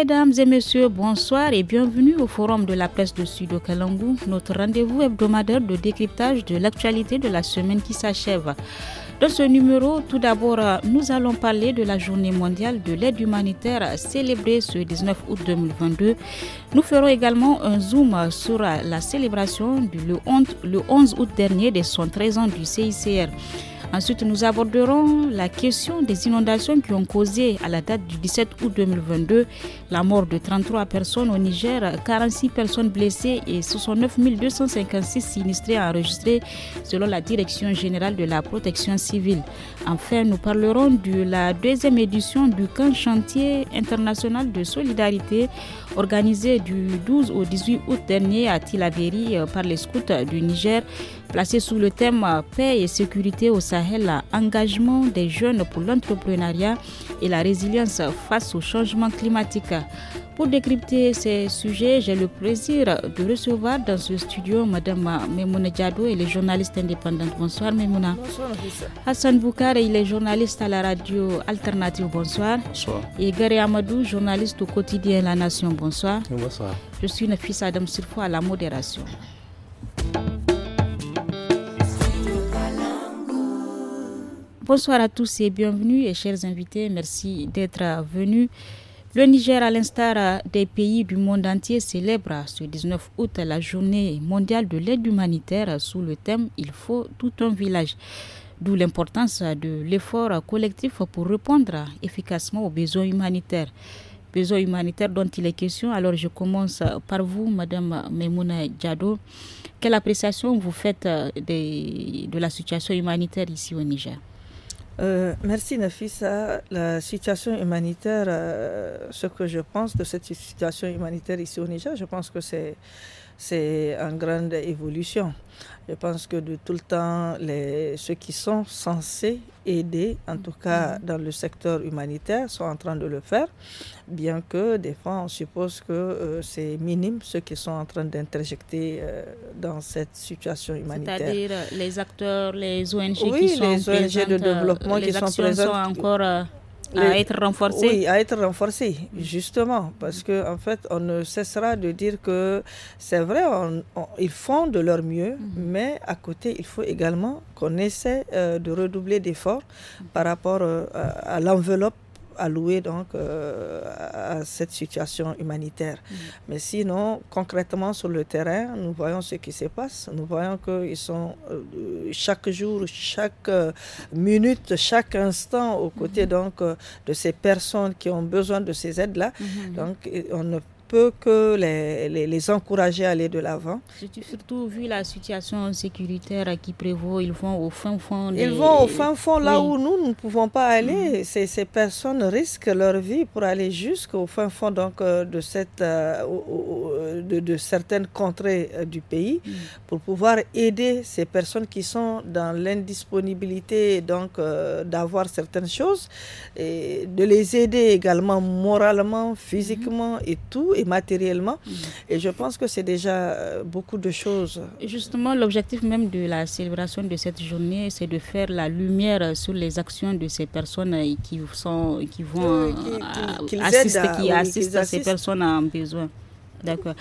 Mesdames et messieurs, bonsoir et bienvenue au Forum de la presse de Sud notre rendez-vous hebdomadaire de décryptage de l'actualité de la semaine qui s'achève. Dans ce numéro, tout d'abord, nous allons parler de la journée mondiale de l'aide humanitaire célébrée ce 19 août 2022. Nous ferons également un zoom sur la célébration du le 11 août dernier des 113 ans du CICR. Ensuite, nous aborderons la question des inondations qui ont causé à la date du 17 août 2022 la mort de 33 personnes au Niger, 46 personnes blessées et 69 256 sinistrés enregistrés selon la Direction générale de la protection civile. Enfin, nous parlerons de la deuxième édition du camp chantier international de solidarité organisé du 12 au 18 août dernier à Tilaveri euh, par les scouts du Niger placé sous le thème euh, Paix et sécurité au Sahel, engagement des jeunes pour l'entrepreneuriat et la résilience face au changement climatique. Pour décrypter ces sujets, j'ai le plaisir de recevoir dans ce studio Mme Memouna Diado, elle est journaliste indépendante. Bonsoir Memouna. Bonsoir. Hassan Boukar, il est journaliste à la radio Alternative. Bonsoir. Bonsoir. Et Gary Amadou, journaliste au quotidien La Nation. Bonsoir. Bonsoir. Je suis une fille Adam Sirfo à la modération. Bonsoir à tous et bienvenue et chers invités, merci d'être venus. Le Niger, à l'instar des pays du monde entier, célèbre ce 19 août la journée mondiale de l'aide humanitaire sous le thème Il faut tout un village. D'où l'importance de l'effort collectif pour répondre efficacement aux besoins humanitaires. Besoins humanitaires dont il est question. Alors je commence par vous, Madame Memouna Diado. Quelle appréciation vous faites de la situation humanitaire ici au Niger euh, merci Nafisa. La situation humanitaire, euh, ce que je pense de cette situation humanitaire ici au Niger, je pense que c'est c'est une grande évolution. Je pense que de tout le temps, les, ceux qui sont censés aider, en tout cas mhm. dans le secteur humanitaire, sont en train de le faire, bien que des fois on suppose que euh, c'est minime ceux qui sont en train d'interjecter euh, dans cette situation humanitaire. C'est-à-dire euh, les acteurs, les ONG qui sont les ONG de développement qui sont présentes. encore, à être renforcé. Oui, à être renforcé, justement, parce que en fait, on ne cessera de dire que c'est vrai, ils font de leur mieux, mhm. mais à côté, il faut également qu'on essaie euh, de redoubler d'efforts par rapport euh, à l'enveloppe allouer donc euh, à cette situation humanitaire. Mm. Mais sinon, concrètement sur le terrain, nous voyons ce qui se passe. Nous voyons qu'ils sont euh, chaque jour, chaque euh, minute, chaque instant aux côtés mm-hmm. donc de ces personnes qui ont besoin de ces aides-là. Mm-hmm. Donc, on ne peut que les, les, encourager à aller de l'avant. Surtout vu la situation sécuritaire qui prévaut, ils vont au fin fond. Ils vont au fin fond là où nous ne pouvons pas aller. Mm. Ces, ces, personnes risquent leur vie pour aller jusqu'au fin fond donc, euh, de, cette, euh, de, de certaines contrées euh, du pays mm. pour pouvoir aider ces personnes qui sont dans l'indisponibilité donc d'avoir certaines choses et de les aider également moralement, physiquement mm-hmm. et tout matériellement. Et je pense que c'est déjà euh, beaucoup de choses. Justement, l'objectif même de la célébration de cette journée, c'est de faire la lumière sur les actions de ces personnes qui, sont, qui vont qui, assister, assistent à ces personnes en besoin. D'accord.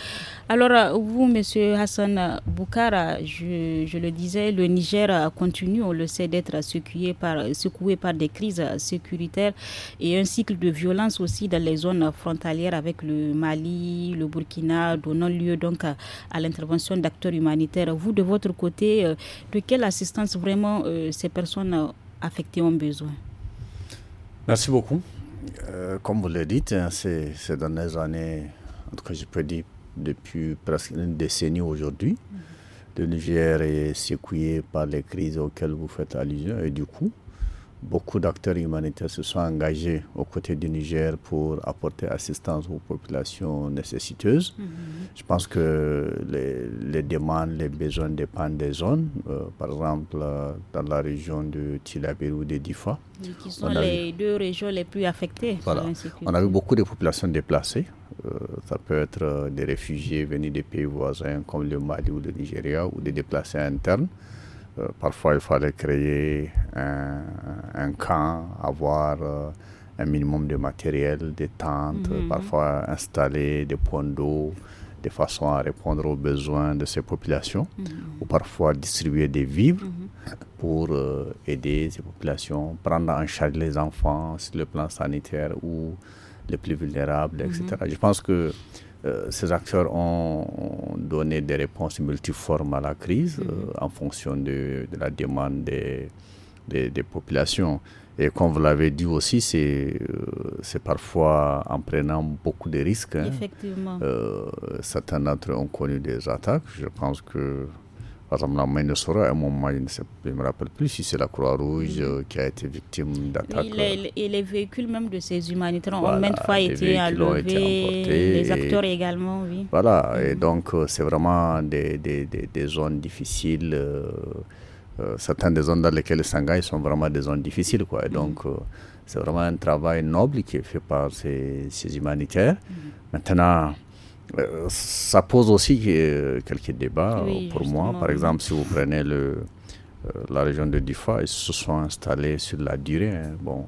Alors, euh, vous, Monsieur Hassan Boukara, je, le disais, le Niger continue, on le sait, d'être secoué par, secoué par des crises sécuritaires et un cycle de violence aussi dans les zones frontalières avec le Mali, le Burkina, donnant lieu donc à, l'intervention d'acteurs humanitaires. Vous, de votre côté, euh, de quelle assistance vraiment euh, ces personnes affectées ont besoin Merci beaucoup. comme vous le dites, hein, ces dernières années, en tout cas je peux dire depuis presque une décennie aujourd'hui. Le Niger est secoué par les crises auxquelles vous faites allusion et du coup, Beaucoup d'acteurs humanitaires se sont engagés aux côtés du Niger pour apporter assistance aux populations nécessiteuses. Mhm. Je pense que les, demandes, les besoins dépendent des zones. Euh, par exemple, euh, dans la région de Tillabéri ou de Difa. qui sont les deux régions les plus affectées. Voilà. On a vu beaucoup de populations déplacées. Euh, ça peut être des réfugiés venus des pays voisins comme le Mali ou le Nigeria ou des déplacés internes. Euh, parfois, il fallait créer un, camp, avoir euh, un minimum de matériel, des tentes, mhm. parfois installer des points d'eau de façon à répondre aux besoins de ces populations, mhm. ou parfois distribuer des vivres mhm. pour euh, aider ces populations, prendre en charge les enfants sur le plan sanitaire ou les plus vulnérables, etc. Je pense que euh, ces acteurs ont, donné des réponses multiformes à la crise mhm. euh, en fonction de, la demande des, populations. Et comme vous l'avez dit aussi, c'est euh, parfois en prenant beaucoup de risques. Hein. Effectivement. certains d'entre eux ont connu des attaques. Je pense que par exemple, la main de à un moment, je ne me rappelle plus si c'est la Croix-Rouge mm. euh, qui a été victime d'attaques. Et, euh, les véhicules même de ces humanitaires ont même fois été enlevés, les acteurs également, oui. Voilà, et mm. donc euh, c'est vraiment des, des, des, zones difficiles. certaines des zones dans lesquelles s'engagent sont vraiment des zones difficiles. Quoi. Et mm. donc, c'est vraiment un travail noble qui est fait par ces, ces humanitaires. Maintenant, euh, ça pose aussi euh, quelques débats euh, pour moi. Par exemple, si vous prenez le, la région de Difa, ils se sont installés sur la durée. Hein. Bon,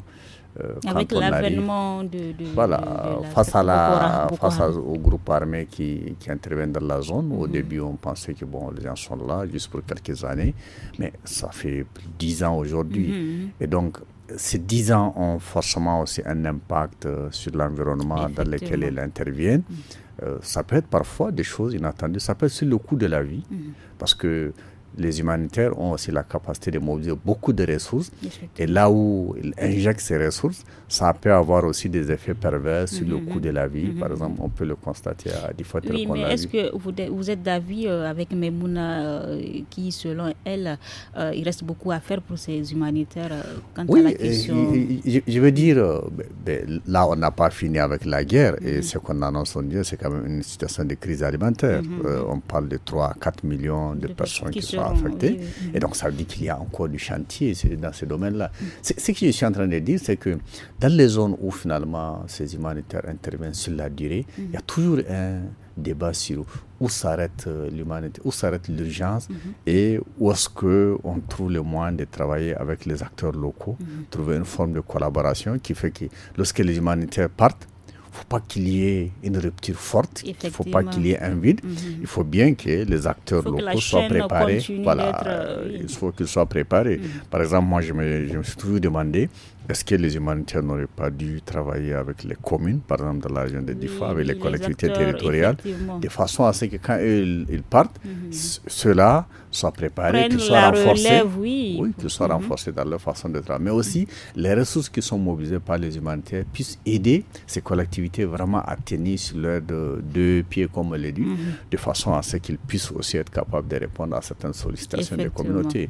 Avec l'avènement de, Voilà, face, à la, face au groupe armé qui, qui intervient dans la zone, au mhm. début, on pensait que bon, les gens sont là juste pour quelques années, mais ça fait dix ans aujourd'hui. Mhm. Et donc, ces dix ans ont forcément aussi un impact sur l'environnement dans lequel ils interviennent. Mhm. Euh, ça peut être parfois des choses inattendues, ça peut être le coût de la vie, mhm. parce que les humanitaires ont aussi la capacité de mobiliser beaucoup de ressources. Et là où ils injectent ces ressources, ça peut avoir aussi des effets pervers sur le mm-hmm. coût de la vie. Mm-hmm. Par exemple, on peut le constater à des fois Oui, mais est-ce que vous, vous êtes d'avis euh, avec Memouna euh, qui, selon elle, euh, il reste beaucoup à faire pour ces humanitaires quant à la question je, je veux dire, ben, ben, là, on n'a pas fini avec la guerre. Et mm-hmm. ce qu'on annonce aujourd'hui Dieu, c'est quand même une situation de crise alimentaire. on parle de 3 à 4 millions de, de personnes qui sont sera Et donc, ça veut dire qu'il y a encore du chantier dans ce domaine-là. Mm. Ce que je suis en train de dire, c'est que dans les zones où finalement ces humanitaires interviennent sur la durée, mm. il y a toujours un débat sur où s'arrête euh, l'humanité, où s'arrête l'urgence mm-hmm. et où est-ce qu'on trouve le moyen de travailler avec les acteurs locaux, mm-hmm. trouver une forme de collaboration qui fait que lorsque les humanitaires partent, ne faut pas qu'il y ait une rupture forte, il ne faut pas qu'il y ait un vide. Mhm. Il faut bien que les acteurs locaux soient préparés. Voilà, il euh, faut qu'ils soient préparés. Mhm. Par exemple, moi, je me, je me suis toujours demandé est-ce que les humanitaires n'auraient pas dû travailler avec les communes, par exemple dans la région de Diffa, avec les, collectivités territoriales, de façon à ce que quand ils, partent, mhm. cela soit ceux-là soient préparés, qu'ils soient renforcés, oui. Mhm. dans leur façon de travailler, mais aussi les ressources qui sont mobilisées par les humanitaires puissent aider ces collectivités vraiment à tenir sur leurs deux, pieds, comme on l'a dit, mhm. de façon à ce qu'ils puissent aussi être capables de répondre à certaines sollicitations des communautés.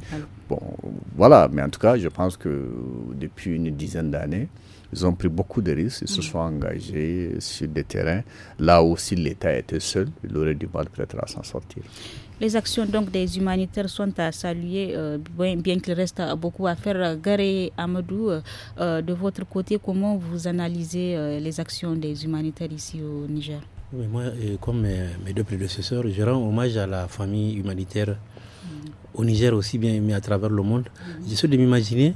Bon, voilà, mais en tout cas, je pense que depuis une dizaines dizaine d'années. Ils ont pris beaucoup de risques, ils se mm. sont engagés sur des terrains là où si l'État était seul, il aurait du mal peut-être à s'en sortir. Les actions donc des humanitaires sont à saluer, euh, bien, qu'il reste beaucoup à faire. Garé Amadou, euh, euh, de votre côté, comment vous analysez les actions des humanitaires ici au Niger moi, comme mes, deux prédécesseurs, je rends hommage à la famille humanitaire mm. au Niger aussi bien, mais à travers le monde. Mm. J'essaie de m'imaginer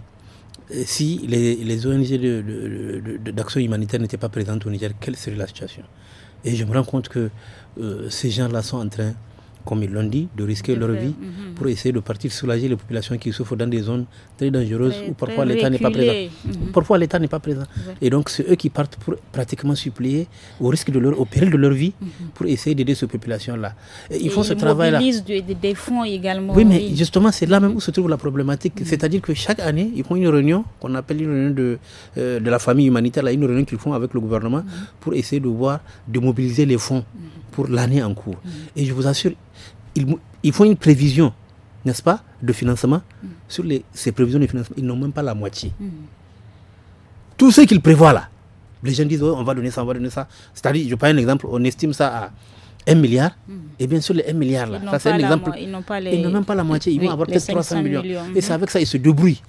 euh, si les, ONG d'action humanitaire n'étaient pas présentes au Niger, quelle serait la situation Et je me rends compte que euh, ces gens-là sont en train comme ils l'ont dit, de risquer leur vie mhm. pour essayer de partir soulager les populations qui souffrent dans des zones très dangereuses où mhm. parfois l'État n'est pas présent. Parfois l'État n'est pas présent. Et donc c'est eux qui partent pour pratiquement supplier au risque de leur, au péril de leur vie mhm. pour essayer d'aider ces populations-là. Ils font ce travail-là. Ils mobilisent des fonds également. Oui, mais justement c'est là même où se trouve la problématique. C'est-à-dire que chaque année, ils font une réunion qu'on appelle une réunion de, euh, de la famille humanitaire, une réunion qu'ils font avec le gouvernement pour essayer de voir, de mobiliser les fonds pour l'année en cours. Et je vous assure, ils, ils font une prévision, n'est-ce pas, de financement. Sur les, ces prévisions de financement, ils n'ont même pas la moitié. Tout ce qu'ils prévoient là, les gens disent, on va donner ça, on va donner ça. C'est-à-dire, je prends un exemple, on estime ça à 1 milliard. Mm. Et bien sûr, les 1 milliard là, ça c'est un exemple. Ils n'ont même pas la moitié, ils vont avoir peut-être 300 millions. millions. Et c'est avec ça, ils se débrouillent.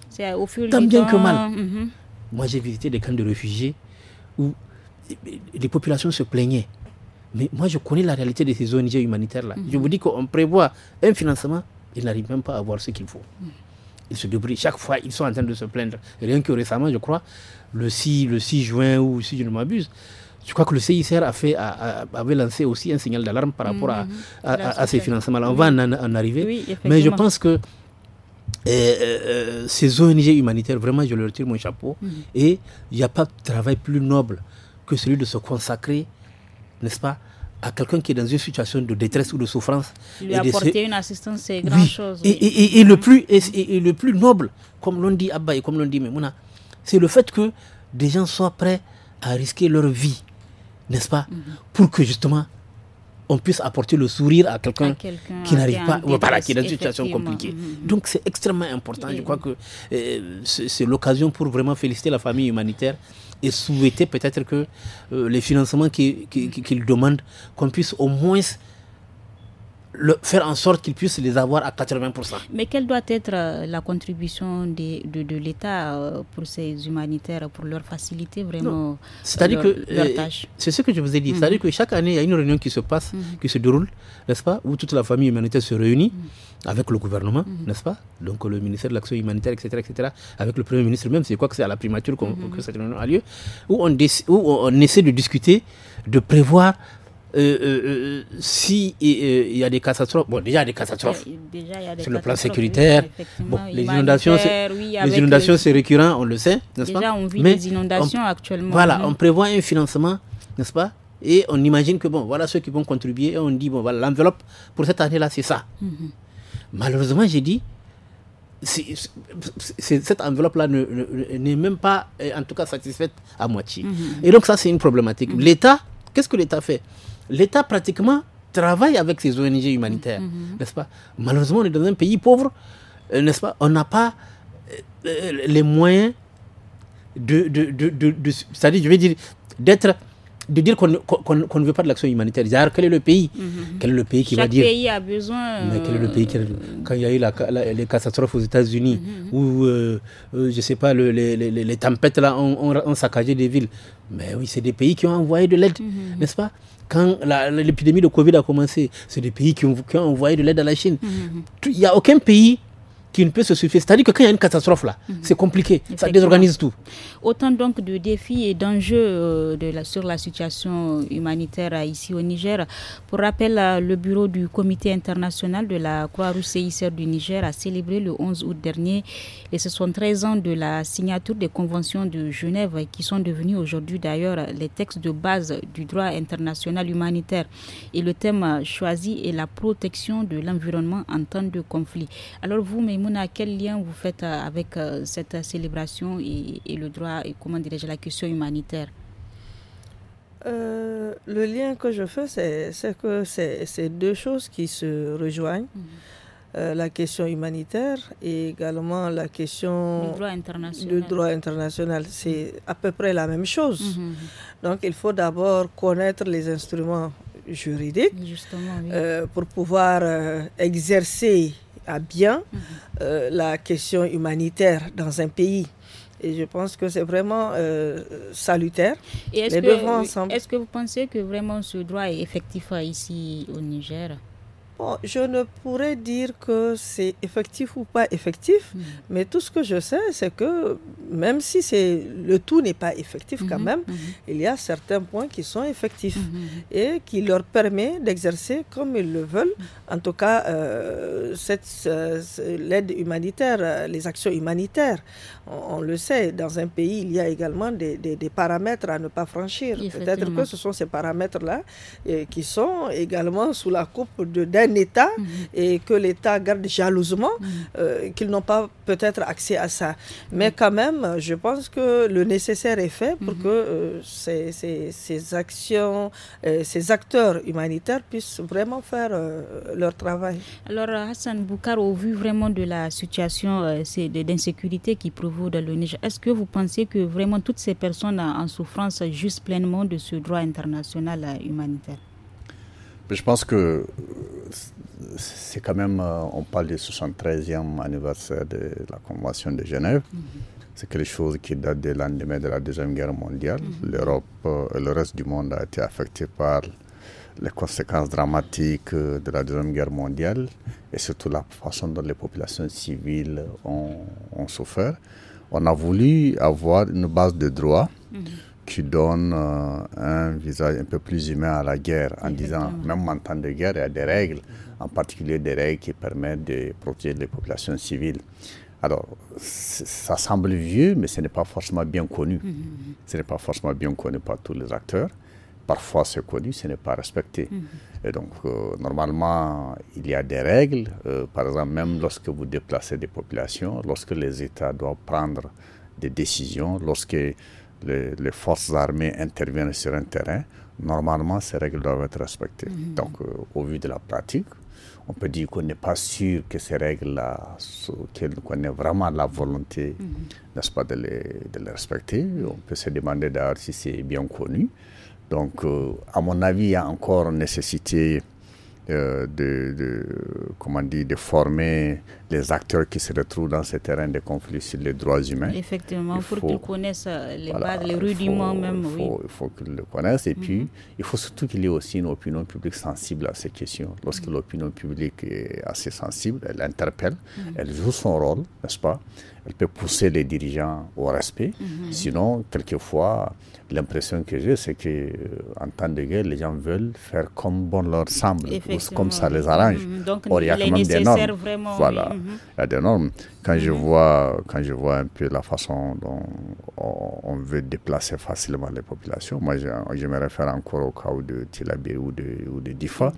Tant bien que mal. Mm-hmm. Moi, j'ai visité des camps de réfugiés où les populations se plaignaient. Mais moi, je connais la réalité de ces ONG humanitaires-là. Mhm. Je vous dis qu'on prévoit un financement, ils n'arrivent même pas à avoir ce qu'il faut. Mhm. ils se débrouillent. Chaque fois, ils sont en train de se plaindre. Rien que récemment, je crois, le 6, le 6 juin, ou si je ne m'abuse, je crois que le CICR a fait, avait lancé aussi un signal d'alarme par rapport à, mhm. ces financements-là. On va en, arriver. Mais je pense que euh, euh, ces ONG humanitaires, vraiment, je leur tire mon chapeau. Et il n'y a pas de travail plus noble que celui de se consacrer n'est-ce pas, à quelqu'un qui est dans une situation de détresse ou de souffrance. Lui apporter une assistance, c'est grand chose. Et, le plus, et, le plus noble, comme l'on dit Abba et comme l'on dit Memouna, c'est le fait que des gens soient prêts à risquer leur vie, n'est-ce pas, mhm. pour que justement on puisse apporter le sourire à quelqu'un qui n'arrive pas, ou voilà, qui est dans une situation compliquée. Mhm, mhm. Donc c'est extrêmement important. Je crois que euh, c'est l'occasion pour vraiment féliciter la famille humanitaire et souhaiter peut-être que euh, les financements qu'ils qui, demandent, qu'on puisse au moins le, faire en sorte qu'ils puissent les avoir à 80%. Mais quelle doit être euh, la contribution de, de, l'État euh, pour ces humanitaires, pour leur faciliter vraiment euh, C'est-à-dire que c'est ce que je vous ai dit. Mhm. C'est-à-dire que chaque année, il y a une réunion qui se passe, mhm. qui se déroule, n'est-ce pas, où toute la famille humanitaire se réunit mhm. avec le gouvernement, n'est-ce pas, donc le ministère de l'Action humanitaire, etc., etc., avec le Premier ministre même, c'est quoi que c'est à la primature que cette réunion a lieu, où on, où on essaie de discuter, de prévoir s'il euh, euh, euh, si il y a des catastrophes, bon, déjà eh, il y a des catastrophes sur le plan sécuritaire, bon, les inondations, les inondations c'est récurrent, on le sait, n'est-ce pas Déjà on vit des inondations actuellement. Voilà, on prévoit un financement, n'est-ce pas Et on imagine que bon, voilà ceux qui vont contribuer et on dit bon, voilà l'enveloppe pour cette année-là, c'est ça. Mhm. Malheureusement, j'ai dit cette enveloppe-là n'est même pas, en tout cas, satisfaite à moitié. Mhm. Et donc ça, c'est une problématique. Mhm. L'État, qu'est-ce que l'État fait l'État pratiquement travaille avec ces ONG humanitaires, mhm, mhm. n'est-ce pas Malheureusement, on est dans un pays pauvre, euh, n'est-ce pas On n'a pas euh, euh, les moyens de, de, de, c'est-à-dire, je veux dire, d'être de dire qu'on ne veut pas de l'action humanitaire. quel est le pays mhm, Quel est le pays qui va dire. Chaque pays a besoin. quel est le pays qui... Quand il y a eu les catastrophes aux États-Unis, ou, où, je sais pas, les, tempêtes là, ont, saccagé des villes. Mais oui, c'est des pays qui ont envoyé de l'aide, n'est-ce pas quand l'épidémie de Covid a commencé, c'est des pays qui ont, envoyé de l'aide à la Chine. Mhm, mhm. Il n'y a aucun pays qui ne peut se suffire, C'est-à-dire que quand il y a une catastrophe là, mhm. c'est compliqué, ça désorganise tout. Autant donc de défis et d'enjeux euh, de la, sur la situation humanitaire euh, ici au Niger. Pour rappel, euh, le bureau du Comité international de la Croix-Rouge CICR du Niger a célébré le 11 août dernier les 73 ans de la signature des conventions de Genève qui sont devenues aujourd'hui d'ailleurs les textes de base du droit international humanitaire. Et le thème choisi est la protection de l'environnement en temps de conflit. Alors vous, Mémo, quel lien vous faites euh, avec euh, cette célébration et, le droit, et comment dirais-je, la question humanitaire euh, le lien que je fais, c'est que c'est deux choses qui se rejoignent. Mhm. la question humanitaire et également la question du droit international. C'est à peu près la même chose. Mhm, mhm. Donc il faut d'abord connaître les instruments juridiques pour pouvoir exercer à bien mhm. euh, la question humanitaire dans un pays. Et je pense que c'est vraiment euh, salutaire. Et est-ce que, Est-ce que vous pensez que vraiment ce droit est effectif ici au Niger je ne pourrais dire que c'est effectif ou pas effectif, hmm. mais tout ce que je sais, c'est que même si c'est le tout n'est pas effectif quand hmm, même, hmm. il y a certains points qui sont effectifs et qui leur permet d'exercer comme ils le veulent, en tout cas euh, cette l'aide humanitaire, euh, les actions humanitaires. On, le sait, dans un pays, il y a également des, des paramètres à ne pas franchir. Peut-être que ce sont ces paramètres-là euh, qui sont également sous la coupe de Mm-hmm. et que l'État garde jalousement, mm-hmm. euh, qu'ils n'ont pas peut-être accès à ça. Mm-hmm. Mais quand même, je pense que le nécessaire est fait pour que euh, ces, actions, euh, ces acteurs humanitaires puissent vraiment faire leur travail. Alors, Hassan Boukar, au vu vraiment de la situation d'insécurité qui prévaut dans le Niger, est-ce que vous pensez que vraiment toutes ces personnes en souffrance jouissent pleinement de ce droit international humanitaire je pense que euh, c'est quand même, euh, on parle du 73e anniversaire de la Convention de Genève. Mhm. C'est quelque chose qui date de l'année de la Deuxième Guerre mondiale. Mhm. L'Europe et euh, le reste du monde a été affecté par les conséquences dramatiques de la Deuxième Guerre mondiale et surtout la façon dont les populations civiles ont, souffert. On a voulu avoir une base de droit. Mhm qui donne euh, un visage un peu plus humain à la guerre, en disant, même en temps de guerre, il y a des règles, en particulier des règles qui permettent de protéger les populations civiles. Alors, ça semble vieux, mais ce n'est pas forcément bien connu. Mhm. Ce n'est pas forcément bien connu par tous les acteurs. Parfois, c'est connu, ce n'est pas respecté. Mhm. Et donc, euh, normalement, il y a des règles. Euh, par exemple, même lorsque vous déplacez des populations, lorsque les États doivent prendre des décisions, lorsque les, forces armées interviennent sur un terrain, normalement, ces règles doivent être respectées. Mhm. Donc, euh, au vu de la pratique, on peut dire qu'on n'est pas sûr que ces règles-là, qu'on ait vraiment la volonté, mhm. n'est-ce pas, de les, respecter. On peut se demander d'ailleurs si c'est bien connu. Donc, euh, à mon avis, il y a encore nécessité euh, de, comment dit, de former les acteurs qui se retrouvent dans ces terrains de conflit sur les droits humains. Effectivement, faut, pour qu'ils connaissent euh, les bases, les rudiments même. Il faut, qu'ils le connaissent. Et mhm. puis, il faut surtout qu'il y ait aussi une opinion publique sensible à ces questions. Lorsque mhm. l'opinion publique est assez sensible, elle interpelle, mhm. elle joue son rôle, n'est-ce pas elle peut pousser les dirigeants au respect. Mhm. Sinon, quelquefois, l'impression que j'ai, c'est que euh, en temps de guerre, les gens veulent faire comme bon leur semble, comme ça les arrange. Mhm. Donc, il y a Vraiment, voilà, mhm. des normes quand je mhm. vois quand je vois un peu la façon dont on, veut déplacer facilement les populations, moi je, me réfère encore au cas de Tilabé ou de, Difa.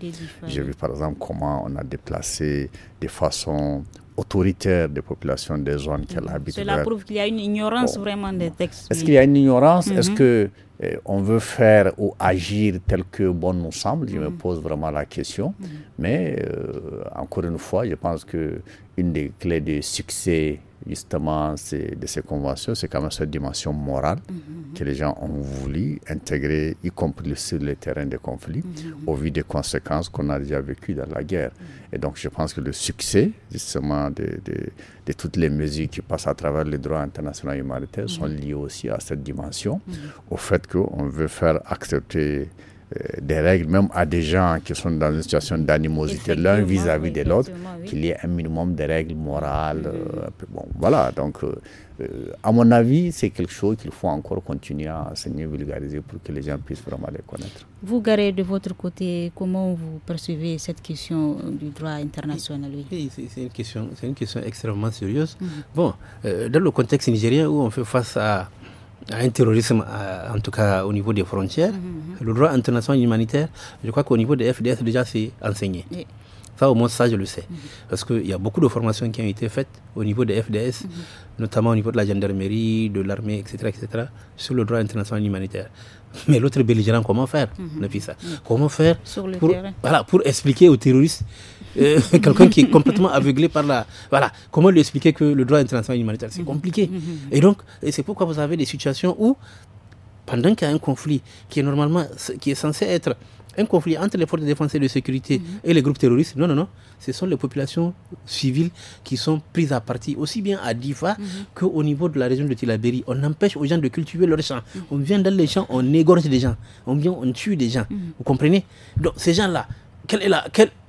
J'ai vu par exemple comment on a déplacé de façon autoritaire des populations des zones qu'elles mhm. habitent. Cela prouve qu'il y a une ignorance vraiment des textes. Est-ce qu'il y a une ignorance ce euh, on veut faire ou agir tel que bon nous semble, je me mhm. pose vraiment la question. Mhm. Mais euh, encore une fois, je pense qu'une des clés du succès justement de ces conventions, c'est quand même cette dimension morale mhm, mhm. que les gens ont voulu intégrer, y compris sur le terrain de conflit mhm, au vu des conséquences qu'on a déjà vécues dans la guerre. Et donc, je pense que le succès, justement, de, de, toutes les mesures qui passent à travers le droit international humanitaire sont liées aussi à cette dimension, au fait qu'on veut faire accepter euh, des règles, même à des gens qui sont dans une situation d'animosité l'un vis-à-vis de l'autre, qu'il y ait un minimum de règles morales. Euh, bon, voilà, donc euh, à mon avis, c'est quelque chose qu'il faut encore continuer à enseigner, vulgariser pour que les gens puissent vraiment les connaître. Vous, Garé, de votre côté, comment vous percevez cette question du droit international Oui, c'est, une, question, une question extrêmement sérieuse. Mhm. Bon, dans le contexte nigérien où on fait face à un terrorisme, euh, en tout cas au niveau des frontières. Mhm, mhm. Le droit international humanitaire, je crois qu'au niveau des FDS, déjà, c'est enseigné. Ça, au moins, ça, je le sais. Mhm. Parce qu'il y a beaucoup de formations qui ont été faites au niveau des FDS, notamment au niveau de la gendarmerie, de l'armée, etc., etc., sur le droit international humanitaire. Mais l'autre belligérant, comment faire depuis ça Comment faire Voilà, pour expliquer aux terroristes euh, quelqu'un qui est complètement aveuglé par la. Voilà. Comment lui expliquer que le droit international humanitaire, c'est compliqué. Mm-hmm. Et donc, c'est pourquoi vous avez des situations où, pendant qu'il y a un conflit qui est normalement, qui est censé être un conflit entre les forces de défense et de sécurité mm-hmm. et les groupes terroristes. Non, non, non. Ce sont les populations civiles qui sont prises à partie, aussi bien à Difa mm-hmm. qu'au niveau de la région de Tilaberi. On empêche aux gens de cultiver leurs champs. On vient dans les champs, on égorge des gens. On vient, on tue des gens. Vous comprenez Donc, ces gens-là,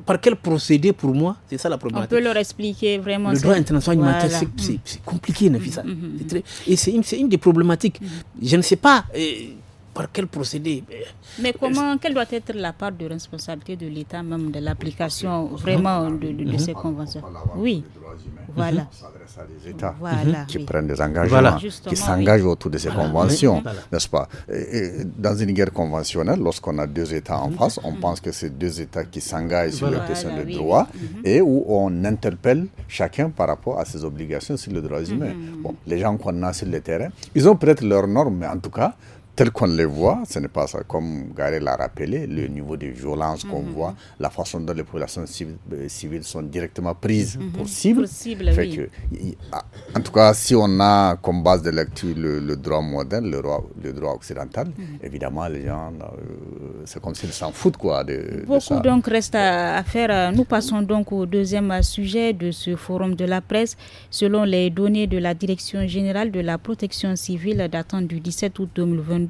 par quel procédé pour moi C'est ça la problématique. On peut leur expliquer vraiment. Le droit international mm. c'est compliqué, Nafisa. Mm, mm, et c'est une, des problématiques. Je ne sais pas. Euh, par quel procédé Mais comment, quelle doit être la part de responsabilité de l'État même de l'application vraiment de, ces conventions Oui, voilà. à des États qui prennent des engagements, qui s'engagent autour de ces conventions, n'est-ce pas Dans une guerre conventionnelle, lorsqu'on a deux États en face, on mm. pense que c'est deux États qui s'engagent sur la question de droit mm-hmm. et où on interpelle chacun par rapport à ses obligations sur les droits humain. humains. Mm-hmm. Bon, les gens qu'on a sur le terrain, ils ont peut-être leurs normes, mais en tout cas, tel qu'on les voit, ce n'est pas ça. Comme Gary l'a rappelé, le niveau de violence qu'on mhm. voit, la façon dont les populations euh, civiles sont directement prises mhm. pour cible. Ah, en tout cas, si on a comme base de lecture le, droit moderne, le droit, occidental, mhm. évidemment, les gens, euh, c'est comme s'ils s'en foutent. Quoi, de, Beaucoup donc reste à faire. Nous passons donc au deuxième sujet de ce forum de la presse. Selon les données de la Direction générale de la protection civile datant du 17 août 2022,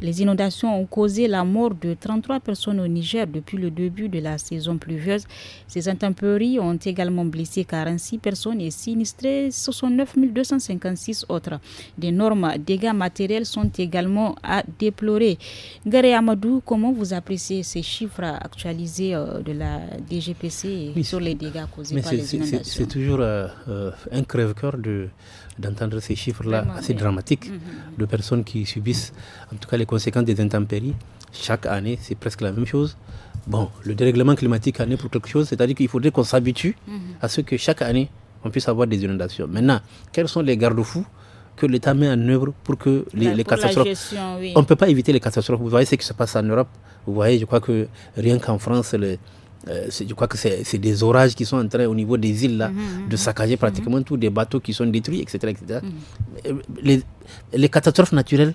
les inondations ont causé la mort de 33 personnes au Niger depuis le début de la saison pluvieuse. Ces intempéries ont également blessé 46 personnes et sinistré 69 256 autres. D'énormes dégâts matériels sont également à déplorer. Gary Amadou, comment vous appréciez ces chiffres actualisés euh, de la DGPC sur les dégâts causés par les inondations C'est toujours euh, euh, un crève-cœur de d'entendre ces chiffres-là assez dramatiques mhm. de personnes qui subissent en tout cas les conséquences des intempéries. Chaque année, c'est presque la même chose. Bon, le dérèglement climatique en est pour quelque chose, c'est-à-dire qu'il faudrait qu'on s'habitue mhm. à ce que chaque année, on puisse avoir des inondations. Maintenant, quels sont les garde-fous que l'État met en œuvre pour que les, catastrophes. On ne peut pas éviter les catastrophes. Vous voyez ce qui se passe en Europe. Vous voyez, je crois que rien qu'en France, les, euh, je crois que c'est des orages qui sont en au niveau des îles, là, mhm, de mhm. saccager pratiquement tous des bateaux qui sont détruits, etc. Mhm. Euh, les, catastrophes naturelles,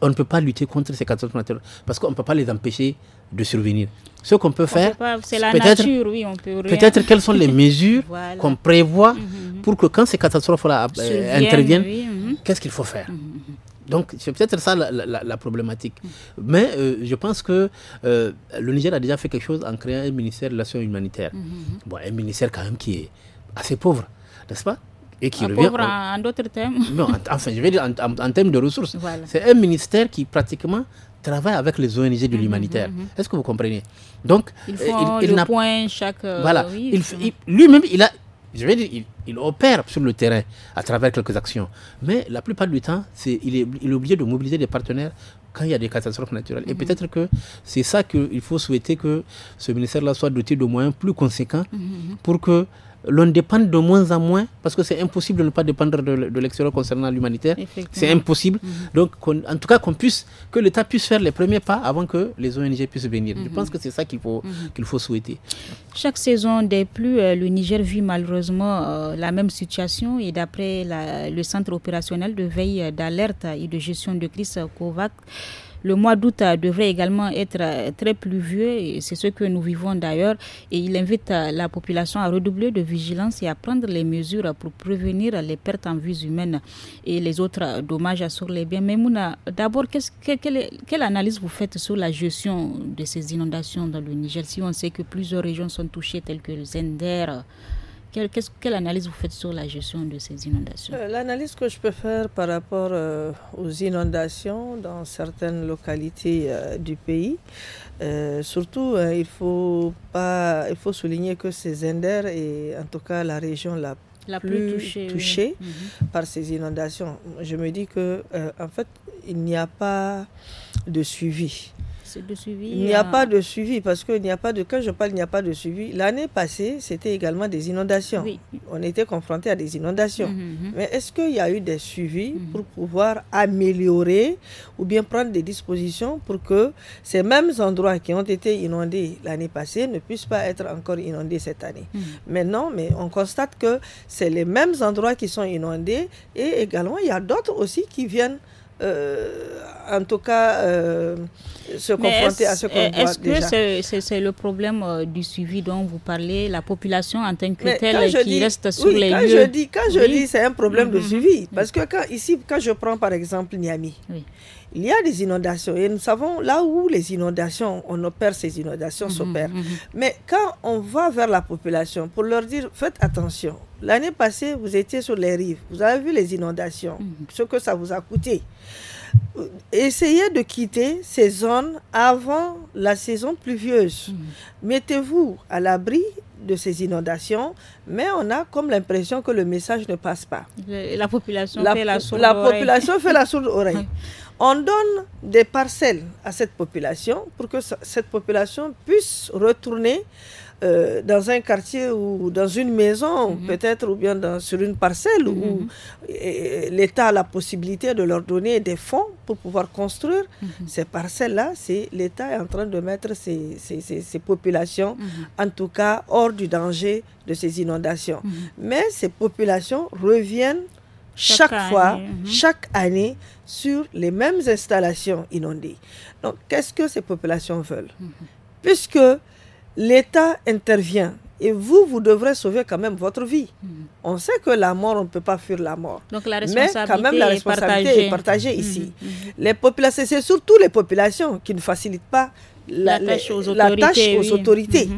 on ne peut pas lutter contre ces catastrophes naturelles parce qu'on ne peut pas les empêcher de survenir. Ce qu'on peut faire, c'est la peut nature, peut. être quelles sont les mesures qu'on prévoit pour que quand ces catastrophes-là euh, interviennent, qu'est-ce qu'il faut faire donc c'est peut-être ça la, problématique. Mais euh, je pense que euh, le Niger a déjà fait quelque chose en créant un ministère de relations humanitaires. Mhm, mhm. un ministère quand même qui est assez pauvre, n'est-ce pas et qui ah, revient pauvre en, d'autres termes. Non, enfin, je vais dire en, termes de ressources. C'est un ministère qui pratiquement travaille avec les ONG de mhm, l'humanitaire. Est-ce que vous comprenez Donc, euh, il, faut point chaque. Voilà. lui-même, il a je veux dire, il, opère sur le terrain à travers quelques actions. Mais la plupart du temps, il, est, obligé de mobiliser des partenaires quand il y a des catastrophes naturelles. Et mhm. peut-être que c'est ça qu'il faut souhaiter que ce ministère-là soit doté de moyens plus conséquents mhm. pour que l'on dépend de moins en moins, parce que c'est impossible de ne pas dépendre de, l'extérieur concernant l'humanitaire. C'est impossible. Mhm. Donc, en tout cas, qu'on puisse, que l'État puisse faire les premiers pas avant que les ONG puissent venir. Je mhm. pense que c'est ça qu'il faut, mhm. qu'il faut souhaiter. Chaque saison des pluies, euh, le Niger vit malheureusement euh, la même situation et d'après le centre opérationnel de veille euh, d'alerte et de gestion de crise COVAC, le mois d'août euh, devrait également être euh, très pluvieux et c'est ce que nous vivons d'ailleurs. Et il invite euh, la population à redoubler de vigilance et à prendre les mesures pour prévenir les pertes en vies humaines et les autres dommages sur les biens. Mais Mouna, d'abord, quelle, quelle, analyse vous faites sur la gestion de ces inondations dans le Niger si on sait que plusieurs régions sont touchées telles que le Zender, quelle, analyse vous faites sur la gestion de ces inondations euh, L'analyse que je peux faire par rapport euh, aux inondations dans certaines localités euh, du pays, surtout il, faut pas, il faut souligner que ces Zender et en tout cas la région la plus, touchée, mhm. par ces inondations. Je me dis que, en fait, il n'y a pas de suivi de suivi Il n'y a euh, pas de suivi parce il n'y a pas de. Quand je parle, il n'y a pas de suivi. L'année passée, c'était également des inondations. On était confronté à des inondations. Mhm, mhm. Mais est-ce qu'il y a eu des suivis mhm. pour pouvoir améliorer ou bien prendre des dispositions pour que ces mêmes endroits qui ont été inondés l'année passée ne puissent pas être encore inondés cette année Mais non, mais on constate que c'est les mêmes endroits qui sont inondés et également il y a d'autres aussi qui viennent euh, en tout cas euh, se confronter à ce qu'on Est-ce que c'est le problème euh, du suivi dont vous parlez, la population en tant que telle qui reste sur les quand Je dis, quand je dis c'est un problème de mm-hmm. suivi, mm-hmm. parce que quand, ici, quand je prends par exemple Niami, il y a des inondations et nous savons là où les inondations, on opère ces inondations mm-hmm. s'opèrent. Mais quand on va vers la population pour leur dire faites attention, l'année passée vous étiez sur les rives, vous avez vu les inondations, ce que ça vous a coûté essayez de quitter ces zones avant la saison pluvieuse. Mm. Mettez-vous à l'abri de ces inondations, mais on a comme l'impression que le message ne passe pas. la population fait la sourde oreille. On donne des parcelles à cette population pour que cette population puisse retourner euh, dans un quartier ou dans une maison, mhm. peut-être, ou bien sur une parcelle, où mhm. l'État a la possibilité de leur donner des fonds pour pouvoir construire. Mhm. Ces parcelles-là, c'est, l'État est en train de mettre ces, populations, en tout cas, hors du danger de ces inondations. Mais ces populations reviennent chaque, fois, chaque année, sur les mêmes installations inondées. Donc, qu'est-ce que ces populations veulent Puisque l'État intervient et vous, vous devrez sauver quand même votre vie. Hmm. On sait que la mort, on ne peut pas fuir la mort. Donc la responsabilité Mais quand même, la responsabilité est partagée, ici. Hmm, hmm, les populations, c'est surtout les populations qui ne facilitent pas la, tâche aux autorités.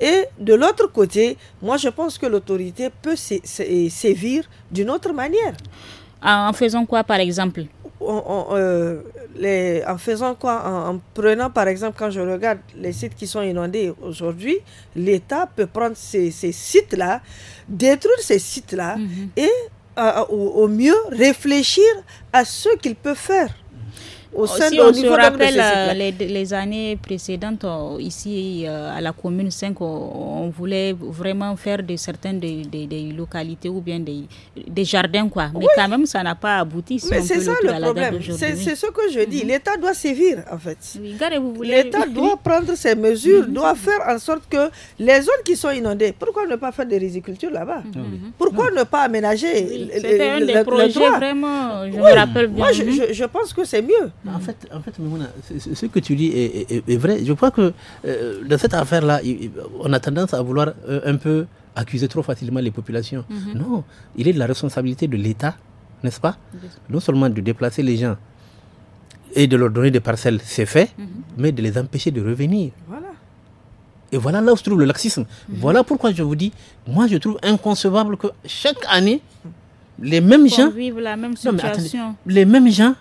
Et de l'autre côté, moi, je pense que l'autorité peut sévir d'une autre manière. En faisant quoi, par exemple euh, en faisant quoi en, prenant, par exemple, quand je regarde les sites qui sont inondés aujourd'hui, l'État peut prendre ces, sites-là, détruire ces sites-là mm-hmm. et euh, au, mieux réfléchir à ce qu'il peut faire au, oh, sein si de, se rappelle euh, les, années précédentes, euh, ici euh, à la commune 5, on voulait vraiment faire de certaines des, des, localités ou bien des, jardins, quoi. Mais quand même, ça n'a pas abouti. Mais c'est ça le problème. C'est ce que je dis. Mhm. L'État doit sévir, en fait. L'État doit prendre ses mesures, mhm. doit faire en sorte que les zones qui sont inondées, pourquoi ne pas faire des riziculture là-bas mhm. Pourquoi ne pas aménager C'était un des le, projets, vraiment, je rappelle Moi, je, je pense que c'est mieux. Bah, en mm. fait, en fait ce que tu dis est, vrai. Je crois que euh, dans cette affaire-là, on a tendance à vouloir euh, un peu accuser trop facilement les populations. Mm-hmm. Non, il est de la responsabilité de l'État, n'est-ce pas Non seulement de déplacer les gens et de leur donner des parcelles, c'est fait, mm-hmm. mais de les empêcher de revenir. Voilà. Et voilà là où se trouve le laxisme. Mm-hmm. Voilà pourquoi je vous dis, moi je trouve inconcevable que chaque année, les mêmes gens... Vivre la même situation. les mêmes gens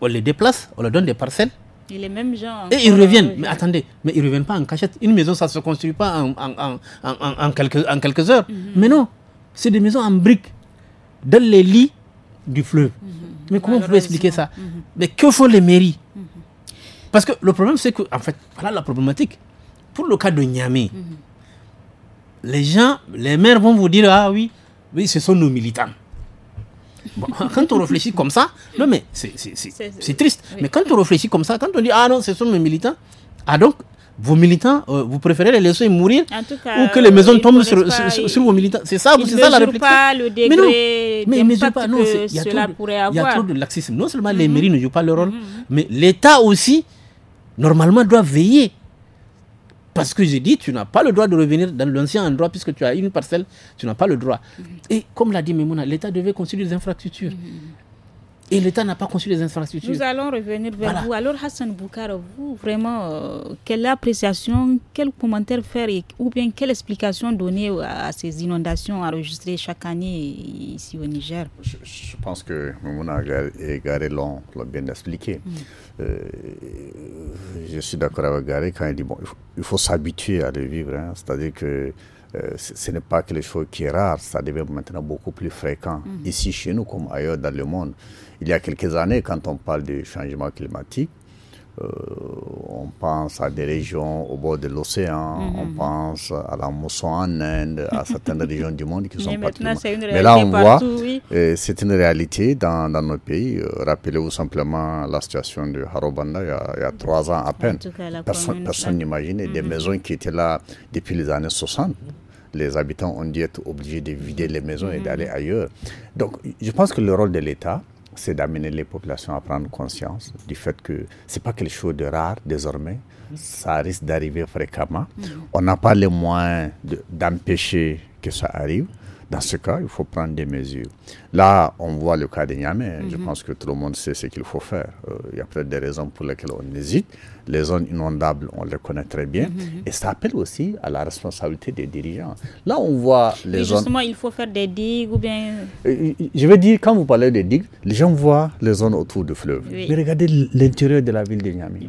on les déplace, on leur donne des parcelles. Et les mêmes gens. Et ils reviennent. Euh, mais attendez, mais ils ne reviennent pas en cachette. Une maison, ça ne se construit pas en, en, en, quelques, heures. Mhm. Mais non, c'est des maisons en briques, dans les lits du fleuve. Mhm. Mais comment vous pouvez expliquer ça mhm. Mais que font les mairies Parce que le problème, c'est que, en fait, voilà la problématique. Pour le cas de Niamey, les gens, les maires vont vous dire Ah oui, oui, ce sont nos militants quand on réfléchit comme ça, non mais c'est triste. Mais quand on réfléchit comme ça, quand on dit ah non, ce sont mes militants, ah donc vos militants, euh, vous préférez les laisser mourir ou que les maisons tombent sur, sur, vos militants. C'est ça, c'est ça la réflexion. Pas le mais non, mais ils ne pas. Non, il y, y, a trop de laxisme. Non seulement les mhm. mairies ne jouent pas leur rôle, mhm. mais l'État aussi, normalement, doit veiller parce que j'ai dit, tu n'as pas le droit de revenir dans l'ancien endroit puisque tu as une parcelle, tu n'as pas le droit. Mm-hmm. Et comme l'a dit Memouna, l'État devait construire des infrastructures. Mm-hmm et l'État n'a pas conçu les infrastructures. Nous allons revenir vers vous. Alors, Hassan Boukar, vous, vraiment, euh, quelle appréciation, quel commentaire faire ou bien quelle explication donner à, ces inondations enregistrées chaque année ici au Niger je, pense que Mouna Garé l'a bien expliqué. Mm. Euh, je suis d'accord avec Garé quand il dit bon, il faut, s'habituer à le vivre. Hein. C'est-à-dire que euh, ce n'est pas quelque chose qui est rare, ça devient maintenant beaucoup plus fréquent, mm. ici chez nous comme ailleurs dans le monde. Il y a quelques années, quand on parle du changement climatique, euh, on pense à des régions au bord de l'océan, mhm. on pense à la mousson en Inde, à certaines régions du monde qui sont particulièrement... Mais là, on voit, euh, c'est une réalité dans, nos pays. Euh, rappelez-vous simplement la situation de Harobanda il y a, trois ans à peine. personne n'imaginait des mhm. maisons qui étaient là depuis les années 60 les habitants ont dû être obligés de vider les maisons et mhm. d'aller ailleurs. Donc, je pense que le rôle de l'État, c'est d'amener les populations à prendre conscience du fait que ce n'est pas quelque chose de rare désormais, ça risque d'arriver fréquemment. Mm-hmm. On n'a pas les moyens d'empêcher que ça arrive. Dans ce cas, il faut prendre des mesures. Là, on voit le cas de Niamey. Je mhm. pense que tout le monde sait ce qu'il faut faire. Euh, il y a peut-être des raisons pour lesquelles on hésite. Les zones inondables, on les connaît très bien. Mhm, mhm. Et ça appelle aussi à la responsabilité des dirigeants. Là, on voit les Mais Justement, il faut faire des digues ou bien... Euh, euh, je veux dire, quand vous parlez des digues, les gens voient les zones autour du fleuve. Mais regardez l'intérieur de la ville de Niamey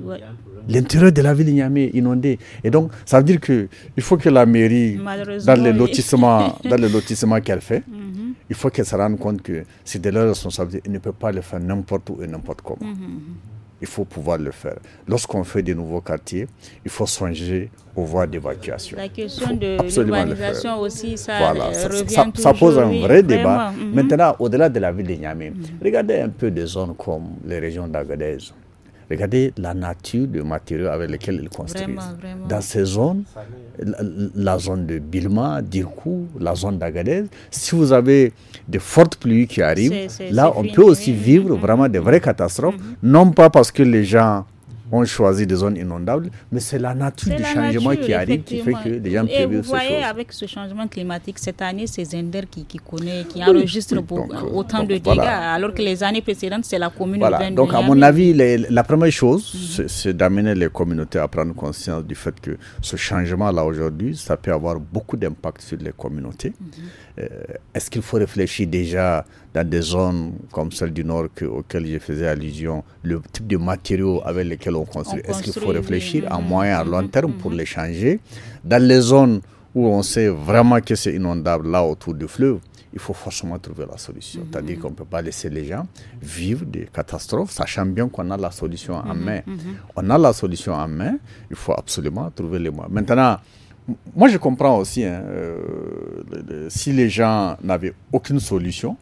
l'intérieur de la ville de Niamey inondé. Et donc, ça veut dire qu'il faut que la mairie, dans les lotissements, dans les lotissements qu'elle fait, mhm. il faut qu'elle se rende compte que c'est de leur responsabilité. Elle ne peut pas le faire n'importe où et n'importe comment. Mhm, mhm. Il faut pouvoir le faire. Lorsqu'on fait des nouveaux quartiers, il faut songer aux voies d'évacuation. La question de l'urbanisation aussi, ça euh, revient ça, pose un vrai débat. Maintenant, au-delà de la ville de Niamey, regardez un peu des zones comme les régions d'Agadez. Regardez la nature des matériaux avec lesquels ils construisent. Dans ces zones, la, zone de Bilma, coup la zone d'Agadez, si vous avez de fortes pluies qui arrivent, là, on peut aussi vivre vraiment de vraies catastrophes, mhm. non pas parce que les gens on choisit des zones inondables, mais c'est la nature du changement qui arrive qui fait que les gens ces choses. Et vous voyez, avec ce changement climatique, cette année, c'est Zender qui, connaît, qui enregistre euh, autant de dégâts, alors que les années précédentes, c'est la commune Donc, à mon avis, la première chose, mhm. c'est d'amener les communautés à prendre conscience du fait que ce changement-là aujourd'hui, ça peut avoir beaucoup d'impact sur les communautés. Mhm. Euh, est-ce qu'il faut réfléchir déjà dans des zones comme celle du Nord auquel auxquelles je faisais allusion, le type de matériaux avec lesquels on construit, est-ce qu'il faut réfléchir à moyen, à long mhm, terme pour mhm. les changer Dans les zones où on sait vraiment que c'est inondable, là autour du fleuve, il faut forcément trouver la solution. Mhm, C'est-à-dire qu'on ne peut pas laisser les gens vivre des catastrophes, sachant bien qu'on a la solution en main. On a la solution en main, il faut absolument trouver les moyens. Maintenant, moi je comprends aussi, hein, euh, si les gens n'avaient aucune solution,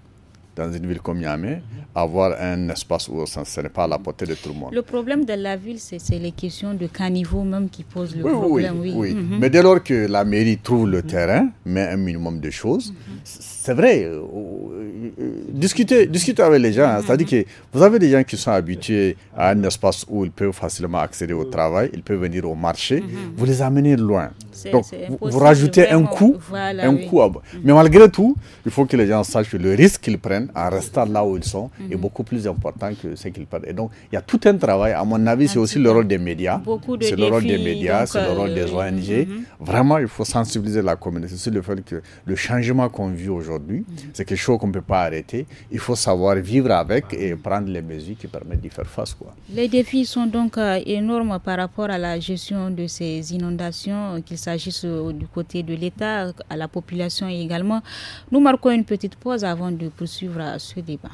dans une ville comme Yamé, avoir un espace où ça, ce n'est pas à la portée de tout le monde. Le problème de la ville, c'est les questions de caniveau même qui posent le problème. Oui, oui. oui. Mhm. Mais dès lors que la mairie trouve le terrain, met un minimum de choses, c'est vrai, euh, euh, discutez, avec les gens. Hein. Mhm. C'est-à-dire que vous avez des gens qui sont habitués à un espace où ils peuvent facilement accéder au travail, ils peuvent venir au marché, mhm. vous les amenez loin. Donc, vous, rajoutez un coût, un Mais malgré tout, il faut que les gens sachent le risque qu'ils prennent en restant là où ils sont est mhm. beaucoup plus important que ce qu'ils perdent. Et donc, il y a tout un travail. À mon avis, c'est aussi le rôle des médias. c'est le rôle des médias, c'est le rôle des euh, ONG. Mhm. Vraiment, il faut sensibiliser la communauté sur le fait que le changement qu'on vit aujourd'hui, mhm. c'est quelque chose qu'on ne peut pas arrêter. Il faut savoir vivre avec et prendre les mesures qui permettent d'y faire face. Quoi. Les défis sont donc euh, énormes par rapport à la gestion de ces inondations, qu'il s'agisse euh, du côté de l'État, à la population également. Nous marquons une petite pause avant de poursuivre ce débat.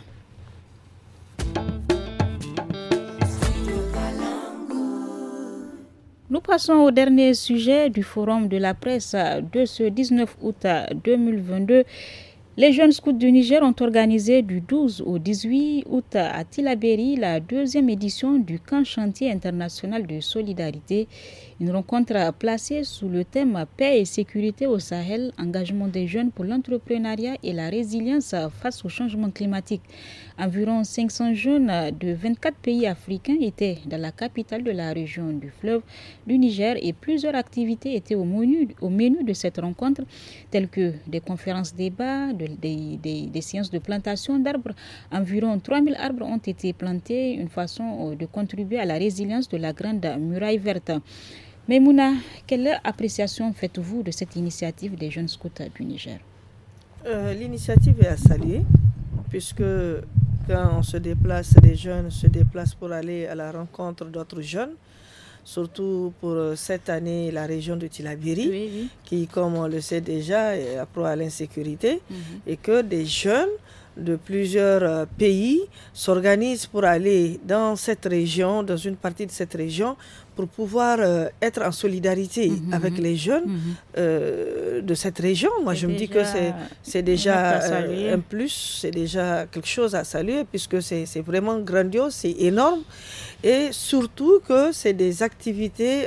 Nous passons au dernier sujet du forum de la presse de ce 19 août 2022 les jeunes scouts du Niger ont organisé du 12 au 18 août à Tilaberi la deuxième édition du camp chantier international de solidarité, une rencontre placée sous le thème Paix et sécurité au Sahel, engagement des jeunes pour l'entrepreneuriat et la résilience face au changement climatique. Environ 500 jeunes de 24 pays africains étaient dans la capitale de la région du fleuve du Niger et plusieurs activités étaient au menu, au menu de cette rencontre, telles que des conférences débats, des, des, séances de plantation d'arbres. Environ 3000 arbres ont été plantés, une façon euh, de contribuer à la résilience de la Grande Muraille Verte. Mais Mouna, quelle appréciation faites-vous de cette initiative des jeunes scouts du Niger euh, L'initiative est à saluer, puisque quand on se déplace, les jeunes se déplacent pour aller à la rencontre d'autres jeunes surtout pour euh, cette année la région de Tilabiri, qui, comme on le sait déjà, est à proie à l'insécurité, mhm. et que des jeunes de plusieurs euh, pays s'organisent pour aller dans cette région, dans une partie de cette région, pour pouvoir euh, être en solidarité mhm, avec mhm. les jeunes mhm. euh, de cette région. Moi, je me dis que c'est déjà euh, un plus, c'est déjà quelque chose à saluer puisque c'est vraiment grandiose, c'est énorme. Et surtout que c'est des activités,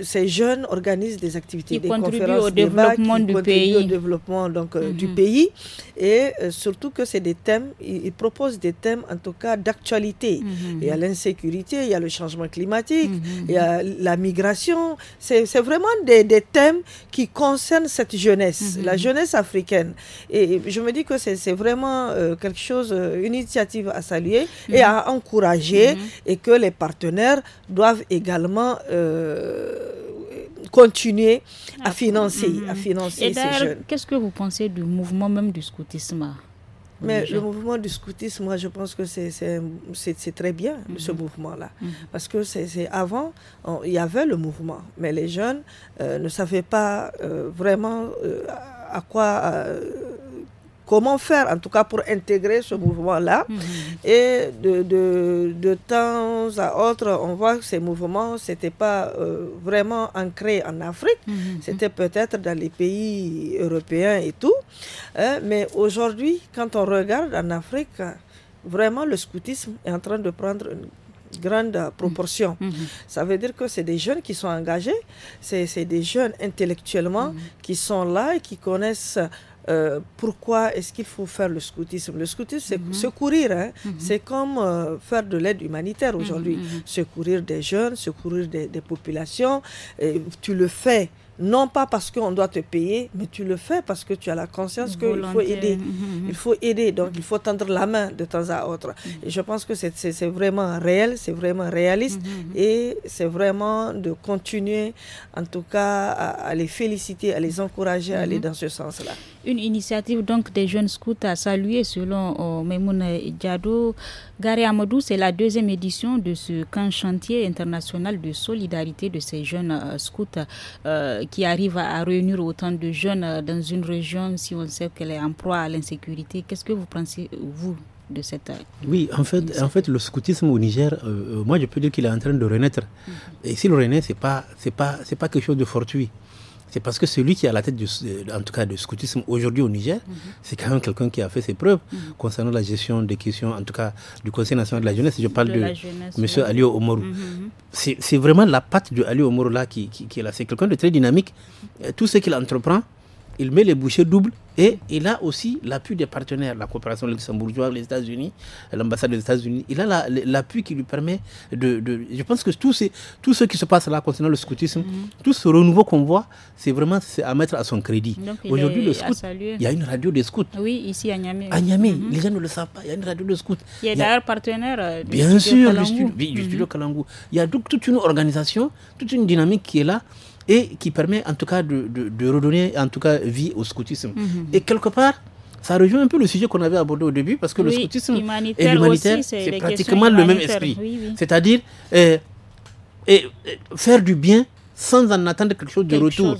ces jeunes organisent des activités, des conférences, au développement du pays. au développement donc, du pays. Et surtout que c'est des thèmes, ils, proposent des thèmes en tout cas d'actualité. Il y a l'insécurité, il y a le changement climatique Mhm. il y a la migration. C'est vraiment des, thèmes qui concernent cette jeunesse, mhm. la jeunesse africaine. Et je me dis que c'est vraiment euh, quelque chose, euh, une initiative à saluer et à mhm. encourager et que les partenaires doivent également... Euh, continuer à financer, à financer, Et ces Qu'est-ce que vous pensez du mouvement même du scoutisme mais le mouvement du scoutisme, moi, je pense que c'est très bien, mhm. ce mouvement-là. Mhm. Parce que c'est avant, il y avait le mouvement, mais les jeunes euh, ne savaient pas euh, vraiment euh, à quoi comment faire en tout cas pour intégrer ce mouvement-là. Mhm. Et de, temps à autre, on voit que ces mouvements, ce pas euh, vraiment ancré en Afrique, mhm. c'était peut-être dans les pays européens et tout. Euh, mais aujourd'hui, quand on regarde en Afrique, vraiment le scoutisme est en train de prendre une grande proportion. Mhm. Ça veut dire que c'est des jeunes qui sont engagés, c'est des jeunes intellectuellement qui sont là et qui connaissent euh, pourquoi est-ce qu'il faut faire le scoutisme Le scoutisme, c'est mhm. secourir. Hein. Mhm. C'est comme euh, faire de l'aide humanitaire aujourd'hui. Mhm, secourir des jeunes, secourir des, populations. Et tu le fais non pas parce qu'on doit te payer, mais tu le fais parce que tu as la conscience qu'il faut aider. Mm-hmm, mm-hmm. Il faut aider, donc il faut tendre la main de temps à autre. Mm-hmm. Et je pense que c'est vraiment réel, c'est vraiment réaliste et c'est vraiment de continuer, en tout cas, à, les féliciter, à les encourager à aller dans ce sens-là. Une initiative donc des jeunes scouts à saluer selon euh, Diado. Gare Amadou, c'est la deuxième édition de ce camp chantier international de solidarité de ces jeunes euh, scouts euh, qui arrive à, réunir autant de jeunes euh, dans une région si on sait qu'elle est en proie à l'insécurité Qu'est-ce que vous pensez, vous, de cette. Euh, oui, en fait, en fait le scoutisme au Niger, euh, moi je peux dire qu'il est en train de renaître. Mm-hmm. Et s'il renaît, ce n'est pas, c'est pas quelque chose de fortuit c'est parce que celui qui est à la tête, du, en tout cas, scoutisme aujourd'hui au Niger, mhm. c'est quand même quelqu'un qui a fait ses preuves mhm. concernant la gestion des questions, en tout cas, du Conseil national de la jeunesse. Je parle de, M. Alio Ali C'est vraiment la patte de Ali Omoru là qui, qui, qui est là. C'est quelqu'un de très dynamique. Tout ce qu'il entreprend, il met les bouchées doubles et il a aussi l'appui des partenaires, la coopération luxembourgeoise, les États-Unis, l'ambassade des États-Unis. Il a l'appui qui lui permet de, Je pense que tout, ce qui se passe là concernant le scoutisme, mhm. tout ce renouveau qu'on voit, c'est vraiment à mettre à son crédit. Aujourd'hui, il y a une radio des scouts. Oui, ici à Niamey. À Niamey, mhm. les gens ne le savent pas, il y a une radio de scouts. y a d'ailleurs partenaire euh, du Bien sûr, du, mhm. studio, Kalangu. Il y a donc toute une organisation, toute une dynamique qui est là et qui permet en tout cas de, de, redonner en tout cas vie au scoutisme. Mhm. Et quelque part, ça rejoint un peu le sujet qu'on avait abordé au début parce que le scoutisme et l'humanitaire, c'est pratiquement le même esprit. C'est-à-dire euh, et, euh, faire du bien sans en attendre quelque chose de retour.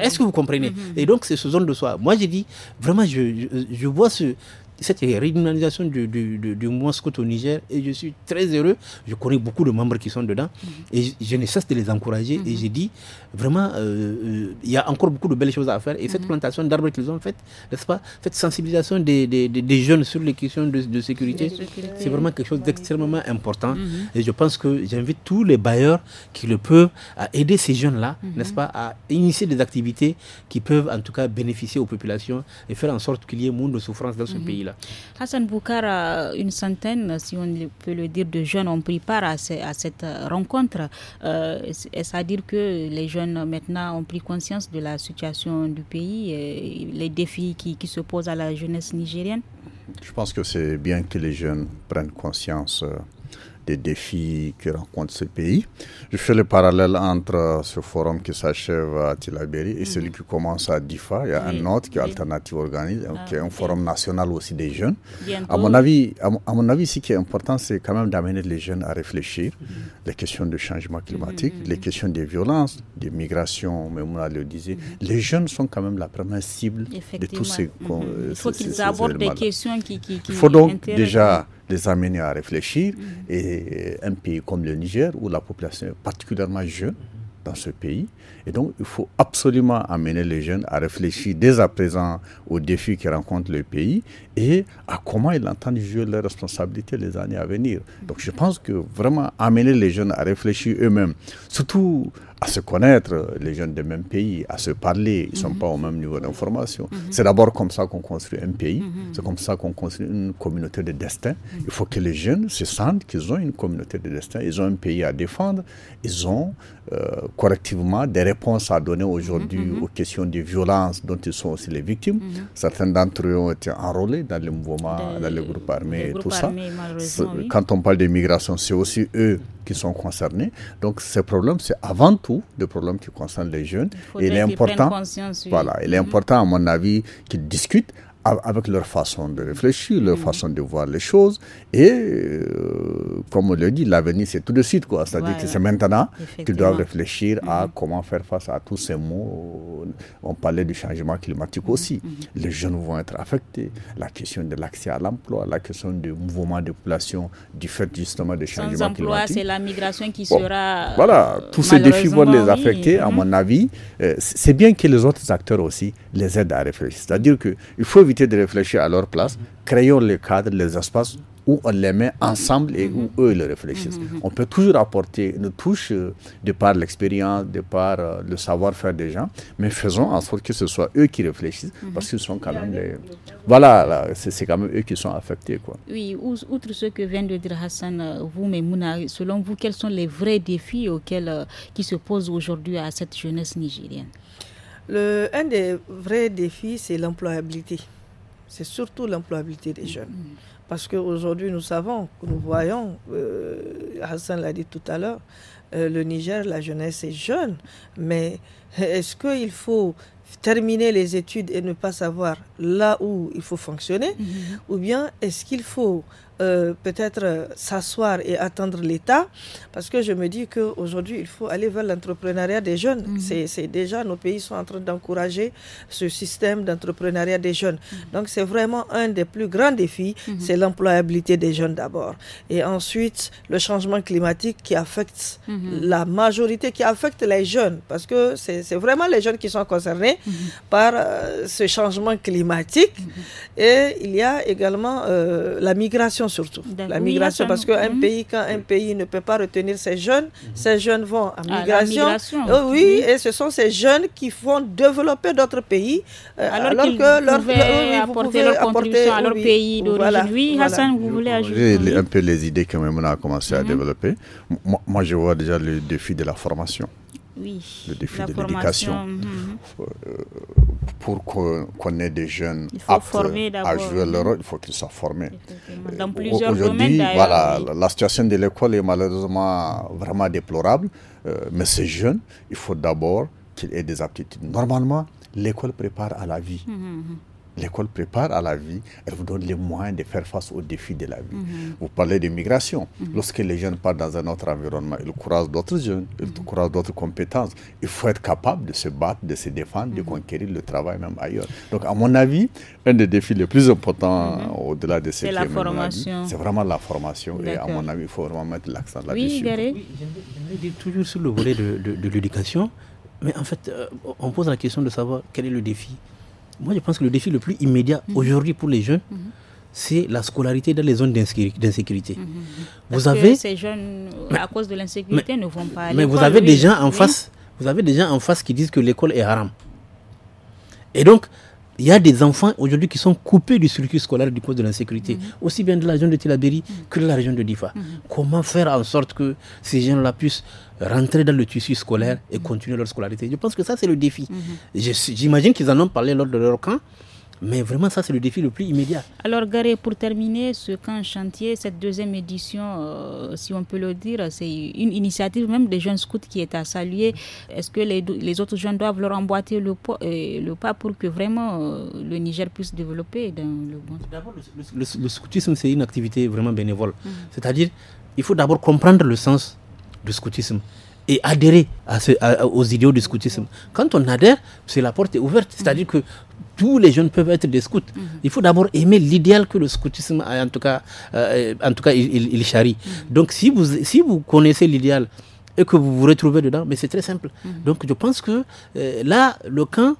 Est-ce que vous comprenez mhm. Et donc, c'est ce zone de soi. Moi, j'ai dit, vraiment, je, je vois ce, cette régionalisation du, du, du, au Niger et je suis très heureux. Je connais beaucoup de membres qui sont dedans et je, ne cesse de les encourager. Et j'ai dit vraiment, euh, euh, il y a encore beaucoup de belles choses à faire. Et cette plantation d'arbres qu'ils ont faite, n'est-ce pas, cette sensibilisation des, jeunes sur les questions de, sécurité, c'est vraiment quelque chose d'extrêmement important. Mhm. Et je pense que j'invite tous les bailleurs qui le peuvent à aider ces jeunes-là, mhm. n'est-ce pas, à initier des activités qui peuvent en tout cas bénéficier aux populations et faire en sorte qu'il y ait moins de souffrance dans ce mhm. pays. Hassan Boukara, une centaine, si on peut le dire, de jeunes ont pris part à, cette rencontre. Euh, est-ce à dire que les jeunes maintenant ont pris conscience de la situation du pays, et les défis qui, se posent à la jeunesse nigérienne Je pense que c'est bien que les jeunes prennent conscience. Euh, des défis que rencontre ce pays. Je fais le parallèle entre ce forum qui s'achève à Tilaberi et celui qui commence à DIFA. Il y a un autre qui est Alternative organisé, ah, qui est un forum national aussi des jeunes. À mon, avis, à, mon avis, ce qui est important, c'est quand même d'amener les jeunes à réfléchir mm-hmm. les questions de changement mm-hmm. climatique, les mm-hmm. questions des violences, des migrations, mais on le disait. Les jeunes sont quand même la première cible de tous ces... Il faut qu'ils abordent des questions qui, qui, qui Il faut donc déjà les amener à réfléchir. Et euh, un pays comme le Niger, où la population est particulièrement jeune, dans ce pays. Et donc, il faut absolument amener les jeunes à réfléchir dès à présent aux défis qui rencontrent le pays et à comment ils entendent jouer leurs responsabilités les années à venir. Donc, je pense que vraiment amener les jeunes à réfléchir eux-mêmes, surtout à se connaître, les jeunes des mêmes pays, à se parler, ils ne sont mhm. pas au même niveau d'information. Mhm. C'est d'abord comme ça qu'on construit un pays, mhm. c'est comme ça qu'on construit une communauté de destin. Il faut que les jeunes se sentent qu'ils ont une communauté de destin, ils ont un pays à défendre, ils ont euh, correctivement des réponses à donner aujourd'hui aux questions de violence dont ils sont aussi les victimes. Certains d'entre eux ont été enrôlés dans les mouvements, dans les groupes armés et tout ça. Quand on parle d'immigration, c'est aussi eux qui sont concernés. Donc ce problème c'est avant tout de problèmes qui concernent les jeunes. il est mm-hmm. important à mon avis qu'ils discutent avec leur façon de réfléchir, leur mm. façon de voir les choses. Et euh, comme on le dit, l'avenir, c'est tout de suite. C'est-à-dire que c'est maintenant qu'ils doivent réfléchir à mm-hmm. comment faire face à tous ces mots. On parlait du changement climatique aussi. Mm-hmm. Mm-hmm. Les jeunes vont être affectés. La question de l'accès à l'emploi, la question du mouvement de population, du fait justement des changement Sans c'est la migration qui sera... Voilà, euh, tous ces défis vont les affecter, à mon avis. Euh, c'est bien que les autres acteurs aussi les aident à réfléchir. C'est-à-dire qu'il faut éviter de réfléchir à leur place, créons les cadres, les espaces où on les met ensemble et où eux le réfléchissent. Mhm. On peut toujours apporter une touche euh, de par l'expérience, de par euh, le savoir-faire des gens, mais faisons en sorte que ce soit eux qui réfléchissent mhm. parce qu'ils sont quand même les. Voilà, c'est quand même eux qui sont affectés. Quoi. Oui, outre ce que vient de dire Hassan, euh, vous, Mouna, selon vous, quels sont les vrais défis auxquels, qui se posent aujourd'hui à cette jeunesse nigérienne le, Un des vrais défis, c'est l'employabilité c'est surtout l'employabilité des mm. jeunes. Parce qu'aujourd'hui, nous savons, nous voyons, euh, Hassan l'a dit tout à l'heure, euh, le Niger, la jeunesse est jeune, mais est-ce qu'il faut terminer les études et ne pas savoir là où il faut fonctionner mm. Ou bien est-ce qu'il faut euh, peut-être euh, s'asseoir et attendre l'État, parce que je me dis qu'aujourd'hui, il faut aller vers l'entrepreneuriat des jeunes. Mhm. C'est déjà, nos pays sont en train d'encourager ce système d'entrepreneuriat des jeunes. Mhm. Donc, c'est vraiment un des plus grands défis, mhm. c'est l'employabilité des jeunes d'abord. Et ensuite, le changement climatique qui affecte la majorité, qui affecte les jeunes, parce que c'est vraiment les jeunes qui sont concernés par euh, ce changement climatique. Et il y a également la migration surtout. La migration, parce qu'un pays, quand un pays ne peut pas retenir ses jeunes, ces mhm. jeunes vont à ah, migration. Oh oui, et ce sont ces jeunes qui vont développer d'autres pays, euh, alors, que leur, oui, apporter à leur pays oui, Hassan, vous voulez ajouter un peu les idées que même on a commencé à mhm. développer. moi, je vois déjà le défi de la formation le défi de l'éducation. Mhm. Euh, pour qu'on ait des jeunes aptes à jouer leur mhm. rôle, il faut qu'ils soient formés. Euh, aujourd'hui, voilà, la situation de l'école est malheureusement vraiment déplorable, euh, mais ces jeunes, il faut d'abord qu'ils aient des aptitudes. Normalement, l'école prépare à la vie. Mhm, L'école prépare à la vie, elle vous donne les moyens de faire face aux défis de la vie. Mhm. Vous parlez de migration. Mhm. Lorsque les jeunes partent dans un autre environnement, ils croisent d'autres jeunes, ils mhm. croisent d'autres compétences. Il faut être capable de se battre, de se défendre, de conquérir le travail même ailleurs. Donc, à mon avis, un des défis les plus importants au-delà de ces formation. C'est vraiment la formation. Et à mon avis, il faut vraiment mettre l'accent là-dessus. Oui, oui j'aimerais dire toujours sur le volet de, l'éducation. Mais en fait, euh, on pose la question de savoir quel est le défi moi, je pense que le défi le plus immédiat mhm. aujourd'hui pour les jeunes, mhm. c'est la scolarité dans les zones d'insécurité. Mhm. Vous avez ces jeunes, à cause de l'insécurité, ne vont pas. À mais vous avez des gens en face. Vous avez des gens en face qui disent que l'école est haram. Et donc, il y a des enfants aujourd'hui qui sont coupés du circuit scolaire du cause de l'insécurité, mhm. aussi bien de la région de Tilaberi mhm. que de la région de Difa. Mhm. Comment faire en sorte que ces gens-là puissent rentrer dans le tissu scolaire et continuer leur scolarité Je pense que ça, c'est le défi. J'imagine qu'ils en ont parlé lors de leur camp. Mais vraiment, ça, c'est le défi le plus immédiat. Alors, Garé, pour terminer, ce camp chantier, cette deuxième édition, euh, si on peut le dire, c'est une initiative même des jeunes scouts qui est à saluer. Est-ce que les, les, autres jeunes doivent leur emboîter le, euh, pas pour que vraiment euh, le Niger puisse développer dans le bon D'abord, le, scoutisme, c'est une activité vraiment bénévole. Mhm. C'est-à-dire, il faut d'abord comprendre le sens du scoutisme et adhérer à aux idéaux du scoutisme. Quand on adhère, c'est la porte est ouverte. C'est-à-dire que tous les jeunes peuvent être des scouts. Il faut d'abord aimer l'idéal que le scoutisme a, en tout cas, euh, en tout cas il, charrie. Donc si vous, si vous connaissez l'idéal et que vous vous retrouvez dedans, mais c'est très simple. Mm. Donc je pense que euh, là, le camp,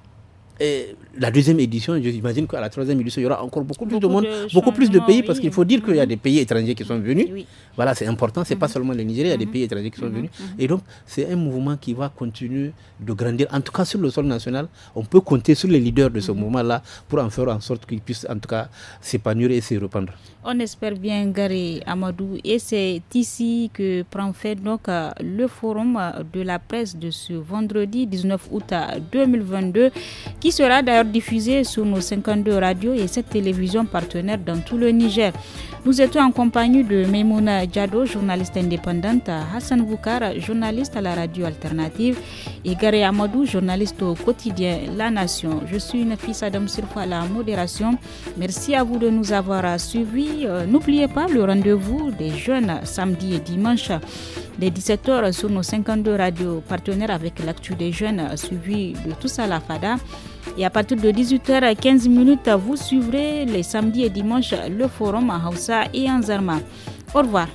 la deuxième édition, j'imagine qu'à la troisième édition, il y aura encore beaucoup plus de monde, beaucoup plus de pays, parce qu'il faut dire qu'il y a mm-hmm. des pays étrangers qui sont venus. Voilà, c'est important, c'est pas mm-hmm. seulement le Nigeria, il y a des mm-hmm. pays étrangers qui sont venus. Et donc, c'est un mouvement qui va continuer de grandir. En tout cas, sur le sol national, on peut compter sur les leaders de ce mouvement-là pour en faire en sorte qu'ils puissent, en tout cas, s'épanouir et se répandre. On espère bien, Gary Amadou, et c'est ici que prend fait donc euh, le forum euh, de la presse de ce vendredi 19 août 2022, euh, qui sera d'ailleurs diffusée sur nos 52 radios et 7 télévisions partenaires dans tout le Niger. Nous étions en compagnie de Memouna Diado, journaliste indépendante, Hassan Boukar, journaliste à la radio alternative, et Gary Amadou, journaliste au quotidien La Nation. Je suis une Adam Sirfa à la modération. Merci à vous de nous avoir suivis. Euh, n'oubliez pas le rendez-vous des jeunes samedi et dimanche dès 17h sur nos 52 radios partenaires avec l'actu des jeunes suivi de tout ça la FADA. Et à partir de 18h15, vous suivrez les samedis et dimanches le forum à Hausa et en Zarma. Au revoir.